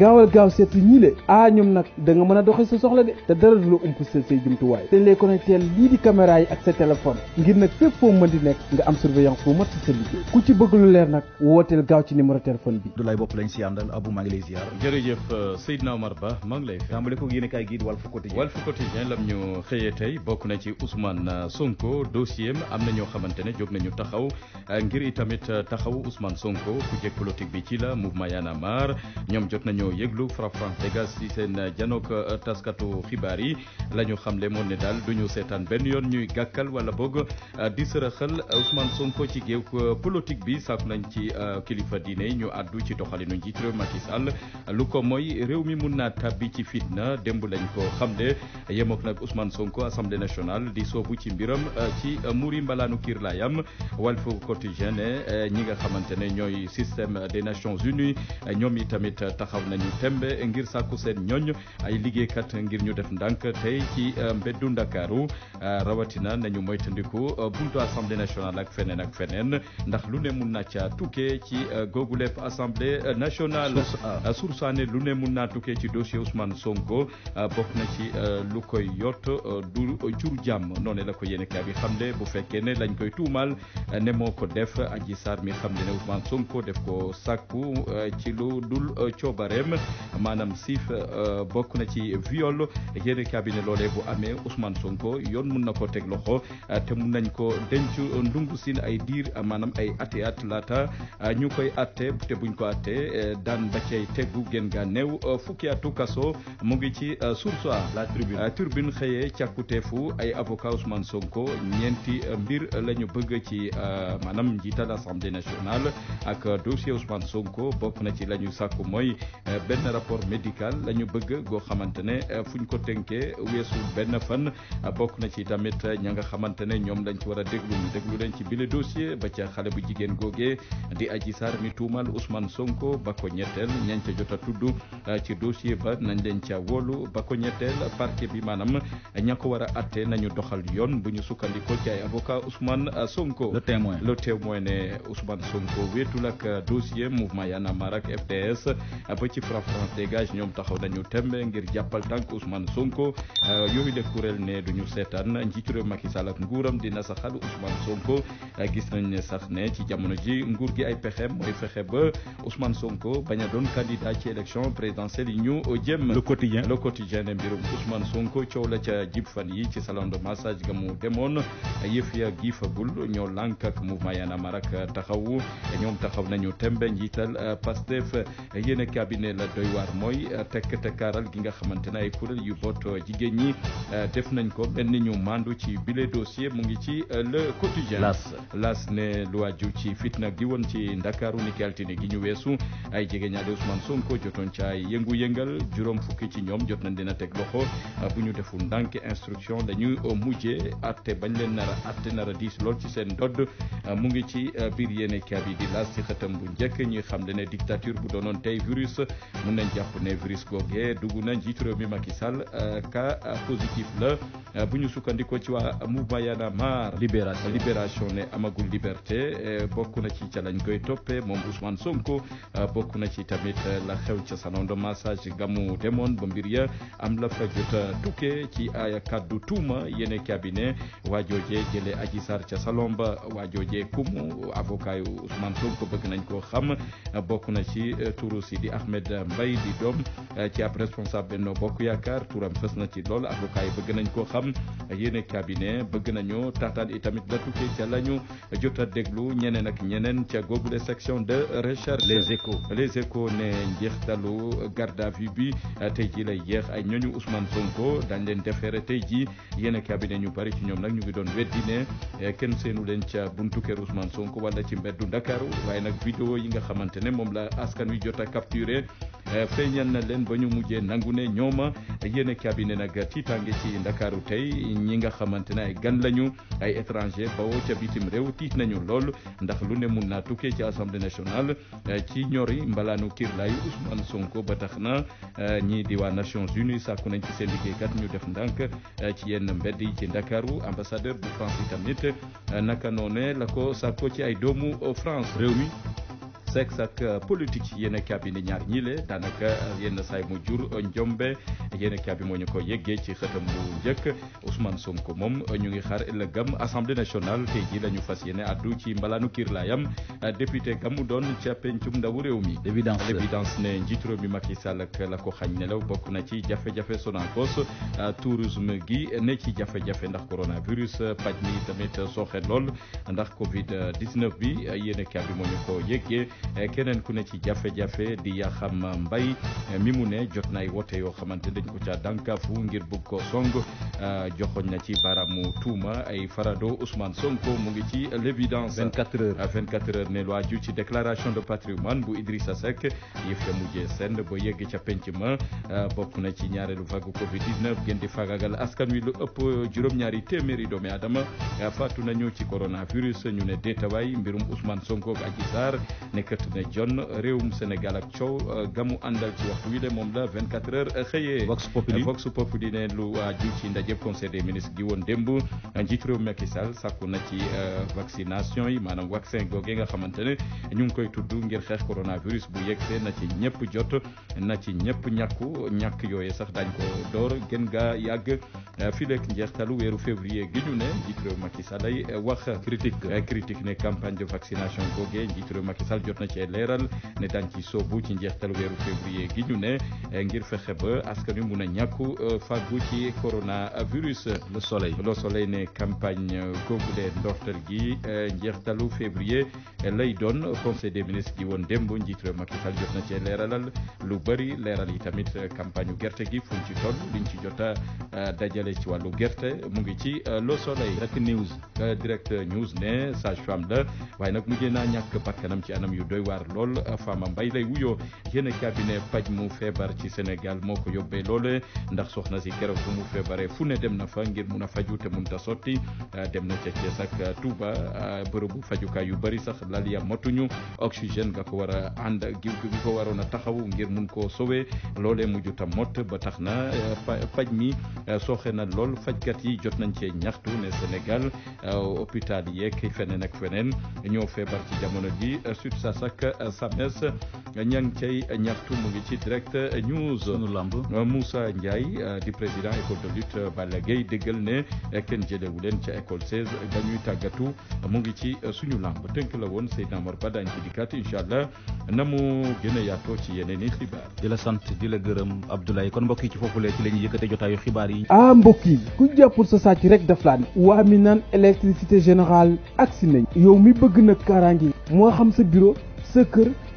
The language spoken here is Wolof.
gaawal gaaw seet si ñii le ah, ñoom nag da nga mën a doxee sa soxla de te dara du la umpaseel say jumtuwaay dañ lay connecté lii di caméra ak sa téléphone ngir nag fépp foo mën di nekk nga am surveillance bu mat sa liggéey ku ci bëgg lu leer nag wooteel gaaw ci numéro téléphone bi du lay bopp lañ si àndal Abou maa ngi lay ziar jërëjëf euh, Seydina Omar Ba maa ngi lay tàmbale ko yéen kaay gii di Walf Quotidien Walf Quotidien lam ñu xëyee tey bokk na ci Ousmane euh, Sonko dossier am na ñoo xamante ne jóg nañu taxaw euh, ngir itamit taxaw Ousmane Sonko ku jeg bi ci la mouvement Y'en a marre ñoom jot ñoo yëglu Frapp France Dégage ci seen janook euh, taskatu xibaar yi la ñu xamle moon ne daal du ñu seetaan benn yoon ñuy gàkkal wala boog euh, di sërëxal Ousmane Sonko ci géew euh, politique bi sàkku nañ ci kilifa diine ñu àddu ci doxalinu njiit réew Macky Sall lu ko mooy réew mi mun na tàbbi ci fitna demb lañ ko xamle yemook nag Ousmane Sonko assemblée nationale di soobu ci mbiram ci muri mbalaanu kiir la yam Walf Quotidien ñi nga xamante ne ñooy système des Nations Unies nañu tembe ngir sàkku seen ñooñ ay liggéeykat ngir ñu def ndànk tey ci euh, mbeddu Ndakaaru euh, rawatina nañu moytandiku euh, buntu assemblée nationale ak feneen ak feneen ndax lu ne mun na ca tukkee ci googu lépp assemblée nationale. source ne lu ne mun naa tukkee ci dossier Ousmane Sonko bokk na ci lu koy yott du jur jàmm noonu la ko yéen bi xamle bu fekkee ne lañ koy tuumaal ne moo ko def Adji Sarr mi xam ne Ousmane Sonko def ko sakku ci lu dul coobare. dem maanaam siif euh, bokk na ci viol yéen cabinet loolee bu amee Ousmane Sonko yoon mun na ko teg loxo euh, te mun nañ ko denc ndungu siin ay diir maanaam ay ati at laata euh, ñu koy atte te buñ ko atte daan ba cay tegu gen ga néew fukki atu kaso mu ngi ci source la tribune turbine xëyee fu ay avocat Ousmane Sonko ñeenti mbir la ñu bëgg ci maanaam njiital assemblée nationale ak dossier Ousmane Sonko bokk na ci la ñu sàkku mooy Euh, benn rapport médical la ñu bëgg goo xamante ne euh, fu ñu ko tënkee weesu benn fan euh, bokk na ci tamit ña nga xamante ne ñoom lañ ci war a déglu ñu déglu leen ci bile dossier ba ca xale bu jigéen googee di Adji Sarr mi tuumal Ousmane Sonko ba ko ñetteel ñañ ca jot a tudd ci dossier ba nañ leen ca wolu ba ko ñetteel parquet bi maanaam ña ko war a atte nañu doxal yoon bu ñu sukkandikoo ci ay avocat Ousmane Sonko. le témoin le témoin ne Ousmane Sonko wéetul ak dossier mouvement Y'en a ci FRAPP France Dégage ñoom taxaw nañu tembe ngir jàppal tànk Ousmane Sonko euh, yooyu le kuréel ne duñu seetaan njiitu réew Macky Sall ak nguuram saxal Ousmane Sonko euh, gis nañ ne sax ne ci jamono ji nguur gi ay pexe mooy fexe ba Ousmane Sonko bañ a doon candidat ci élection présidentielle yi ñu jëm. le quotidien le quotidien ne mbirum Ousmane Sonko coow la ca jib fan yi ci salon de massage ga mu demoon yëf ya giifagul ñoo lànk ak mouvement Y'en a marre taxaw ñoom taxaw nañu tembe njiital euh, Pastef ne la doy waar mooy euh, tekk tekkaaral gi nga xamante ne ay kuréel yu boot euh, jigéen ñi euh, def nañ ko benn ñu mandu ci bile dossier mu ngi ci le quotidien las ne lu waaju ci fitna gi woon ci ndakaaru ni ki altine gi ñu weesu ay jigéen ñaale Ousmane Sonko jotoon ci ay yëngu-yëngal juróom fukki ci ñoom jot nañ dina teg loxo bu ñu deful ndànk instruction dañuy mujje atte bañ leen nara atte nara diis lool ci seen ndodd mu ngi ci biir yéene kaab yi ci xëtam bu njëkk ñuy mun nañ jàpp ne virus googee dugg nañ njiitu réew mi Macky Sall cas euh, positif la euh, bu ñu sukkandikoo ci waa mu Y en a libération ne amagul liberté euh, bokk na ci ca lañ koy toppe moom Ousmane Sonko bokk na ci tamit la xew ca salon de massage gamu demoon ba mbir ya am la fa jot ci ay kaddu tuuma yene cabinet waajoojee jële Adji Sarr ca salon ba waajoojee kumu avocat yu Ousmane nañ ko xam bokk na ci turu Sidi Ahmed Mohamed eh, Mbaye di doom eh, ci ab responsable Benno Bokk Yaakaar turam fës na ci lool avocat bëgg nañ koo xam yéen cabinet bëgg nañu taataan itamit la tukkee ca lañu jot a déglu ñeneen ak ñeneen ca googule section de recherche les échos les échos ne njeextalu garde à vue bi eh, tey ji lay yeex ay ñooñu Ousmane Sonko dañ leen defeere tey ji yéen cabinet ñu bari ci ñoom nag ñu ngi doon weddi ne kenn seenu leen ca buntu kër Ousmane Sonko wala ci mbeddu Ndakaaru waaye nag vidéo yi nga xamante ne moom la askan wi jot a capturé Eh, feeñal na leen ba ñu mujjee nangu ne ñooma yéen cabinet nag tiitaange ci ndakaaru tey ñi nga xamante ne ay gan lañu ay étranger bawoo ca bitim réew tiit nañu lool ndax lu ne mun naa tukkee ci assemblée nationale eh, ci ñori mbalaanu kiirlaayu Ousmane Sonko ba tax na eh, ñii di waa Nations Unies sàkku nañ ci seen liggéeykat ñu def ndànk ci yenn mbedd yi ci ndakaaru ambassadeur bu France itamit naka noone la ko sàkko ci ay doomu France réew mi sexe ak euh, politique yéen kaabi ni ñaar ñii le daanaka euh, yenn saay mu jur euh, njombe yéen kaabi moo ñu ko yeggee ci xëtam bu njëkk Ousmane Sonko moom ñu ngi xaar ëllëgam assemblée nationale tey jii la ñu fas yéene addu ci mbalaanu kiirlaayam député gamu doon ca pencum ndawu réew mi l'évidence ne njiitu réew mi Macky Sall ak la ko xañ nelaw bokk na ci jafe-jafe Sonacos tourisme gi ne ci jafe-jafe ndax coronavirus paj mi tamit sooxe lool ndax covid 19 bi yéen kaabi moo ñu ko yeggee Eh, keneen ku ne ci jafe-jafe di Yaxam Mbay eh, mi mu ne jot na ay wote yoo xamante dañ ko ca dànkaafu ngir bëgg ko song eh, joxoñ na ci baramu tuuma ay farado Ousmane Sonko mu ngi ci l'évidence 24 heures 24 heures ne lu aju ci déclaration de patrimoine bu Idrissa Seck yëf ya mujjee send ba yegg ca penc ma bokk na ci ñaareelu vague Covid 19 gën di fagagal askan wi lu ëpp juróom-ñaari téeméeri doomi aadama faatu nañu ci coronavirus ñu ne déetawaay mbirum Ousmane Sonko ak Adji Sarr yëkkati ne jonn réewum Sénégal ak coow euh, gamu àndal ci waxtu wi de moom la 24 heures euh, xëyee. Vox Populi Vox Populi ne lu aju euh, ci ndajeb conseil des ministres gi woon démb njiitu réew Macky Sall sàkku na ci vaccination yi maanaam vaccin googee nga xamante ne ñu ngi koy tudd ngir xeex coronavirus bu yegsee na ci ñëpp jot na ci ñëpp ñàkku ñàkk yooyu sax dañ ko door gën ngaa yàgg fii leeg njeextalu weeru février gi ñu ne njiitu réew Macky Sall ay wax ne campagne de vaccination googee njiitu jot jot na cee leeral ne daan ci soobu ci njeextal weeru février gi ñu ne eh, ngir fexe ba askan wi mun a ñàkku eh, faggu ci coronavirus. le soleil le soleil ne campagne googu de ndorteel gi eh, njeextalu février lay doon conseil des ministres gi woon démb njiit réew Macky jot na cee leeralal lu bëri leeral yi tamit campagne gerte gi fuñ ci toll liñ ci jota dajale ci wàllu gerte mu ngi ci le soleil rek news direct news ne sage femme la waaye nag mujjee naa ñàkk bakkanam ci anam yu doy waar lool Fama Mbaye lay wuyoo yéen cabinet paj mu feebar ci Sénégal moo ko yóbbee loole ndax soxna si keroog bu mu feebaree fu ne dem na fa ngir mun a faju te mun ta sotti euh, dem na ca Thiès ak euh, Touba euh, bërëbu fajukaay yu bëri sax lal ya motuñu oxygène nga ko war a ànd gi gi waroon a taxaw ngir mun koo sowee loole mujj tam mott ba tax na paj mi sooxe na lool fajkat yi jot nañ cee ñaxtu ne Sénégal hôpital yeeg feneen ak feneen ñoo feebar ci jamono ji sud ak SAMES ña ngi cay ñaxtu mu ngi ci direct eh, news. sunu lamb eh, Moussa Ndiaye eh, di président école de lutte Balla Gaye déggal ne kenn jëlewu leen ca école 16 dañuy tàggatu mu ngi ci suñu lamb tënk la woon Seydina Mor Ba daañu ci dikkaat incha allah. na mu gën a yaatoo ci yeneen yi xibaar. di la sant di la gërëm Abdoulaye kon mbokk yi ci foofulee ci la ñuy yëkkate jotaayu xibaar yi. ah mbokk yi ku jàppul sa sàcc rek daf laa ne. waa mi naan électricité générale agsi nañ. yow mi bëgg nag kaaraange yi. moo xam sa bureau sa kër.